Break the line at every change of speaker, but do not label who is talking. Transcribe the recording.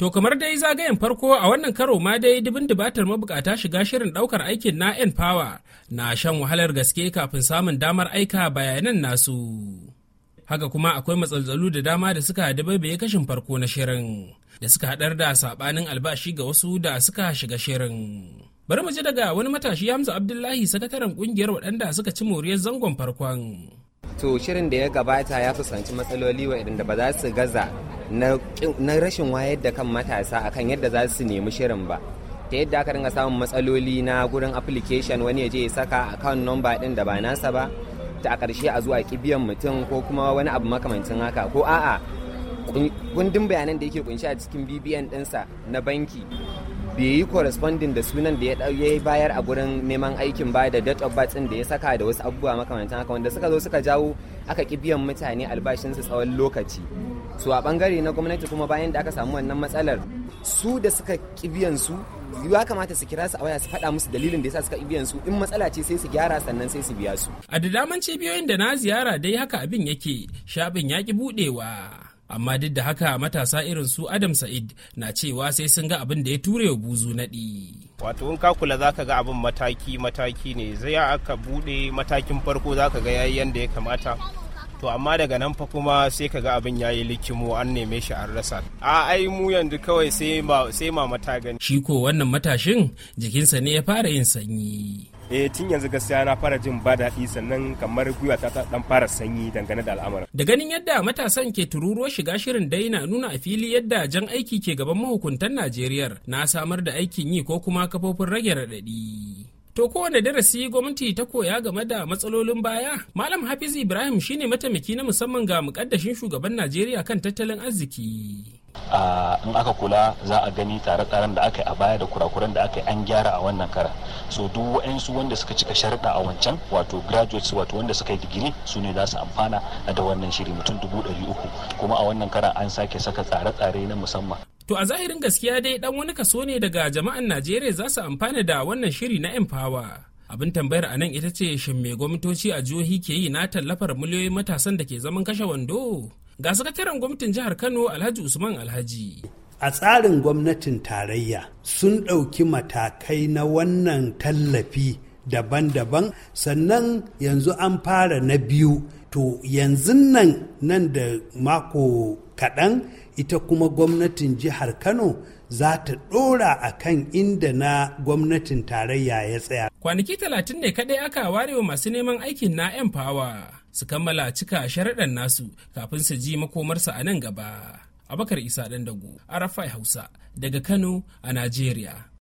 To kamar dai zagayen farko a wannan karo ma dai dubin dubatar mabukata shiga shirin daukar aikin na n power na shan wahalar gaske kafin samun damar aika bayanan nasu. Haka kuma akwai matsalzalu da dama da suka dabaibaye kashin farko na shirin da suka haɗar da saɓanin albashi ga wasu da suka shiga shirin. Bari mu ji daga wani matashi Hamza Abdullahi sakataren ƙungiyar waɗanda suka ci moriyar zangon farkon.
to shirin da ya gabata ya fuskanci matsaloli waɗanda ba za su gaza na rashin wayar da kan matasa akan yadda za su nemi shirin ba ta yadda aka dinga samun matsaloli na gurin application wani ya je ya saka account number din da ba nasa ba ta a ƙarshe a zuwa kibiyan mutum ko kuma wani abu makamancin haka ko a'a kundin bayanan da yake kunshi a cikin bbn ɗinsa na banki bai yi corresponding da sunan da ya bayar a gurin neman aikin ba da date of birth da ya saka da wasu abubuwa makamantan haka wanda suka zo suka jawo aka ki biyan mutane albashinsu tsawon lokaci su a bangare na gwamnati kuma bayan da aka samu wannan matsalar su da suka ki biyan su ya kamata su kira su a waya su faɗa musu dalilin da yasa suka biyan su in matsala ce sai su gyara sannan sai su biya su
a da daman cibiyoyin da na ziyara dai haka abin yake shabin ya ki budewa amma duk da haka matasa irin su adam sa'id na cewa sai sun ga abin da ya ture wa buzu naɗi wato in ka kula za ka ga abin mataki mataki ne zai aka buɗe matakin farko za ka ga yayi yanda ya kamata to amma daga nan fa kuma sai ka ga abin yayi likimo an neme shi an rasa a ai mu yanzu kawai sai ma sai ma mata gani shi ko wannan matashin jikinsa ne ya fara yin sanyi eh tun yanzu gaskiya na fara jin ba daɗi sannan kamar gwiwa ta dan fara sanyi dangane da al'amarin da ganin yadda matasan ke tururuwa shiga shirin dai na nuna a fili yadda jan aiki ke gaban mahukuntan Najeriya na samar da aikin yi ko kuma kafofin rage raɗaɗi To kowane darasi gwamnati ta koya game da matsalolin baya? Malam Hafiz Ibrahim shine mataimaki na musamman ga mukaddashin shugaban Najeriya kan tattalin arziki. in aka kula za a gani tsare-tsaren da aka yi a baya da kurakuran da aka yi an gyara a wannan kara so duk wa'ansu wanda suka cika sharaɗa a wancan wato graduates wato wanda suka yi digiri su ne za su amfana da wannan shiri mutum dubu ɗari uku kuma a wannan kara an sake saka tsare-tsare na musamman To a zahirin gaskiya dai dan wani kaso ne daga jama'an Najeriya za su amfana da wannan shiri na Empower. Abin tambayar a nan ita ce shin me gwamnatoci a jihohi ke yi na tallafar miliyoyin matasan da ke zaman kashe wando? Ga sakataren gwamnatin jihar Kano Alhaji Usman Alhaji. A tsarin gwamnatin tarayya sun ɗauki matakai na wannan tallafi daban-daban sannan yanzu an fara na biyu to yanzu nan nan da mako kaɗan ita kuma gwamnatin jihar kano za ta ɗora a kan inda na gwamnatin tarayya ya tsaya. Kwanaki talatin ne kaɗai aka ware wa masu neman aikin na 'yan fawa su kammala cika sharaɗan nasu kafin su ji makomarsa a nan gaba. Abakar Isa ɗan dago Arafai Hausa, daga Kano a Najeriya.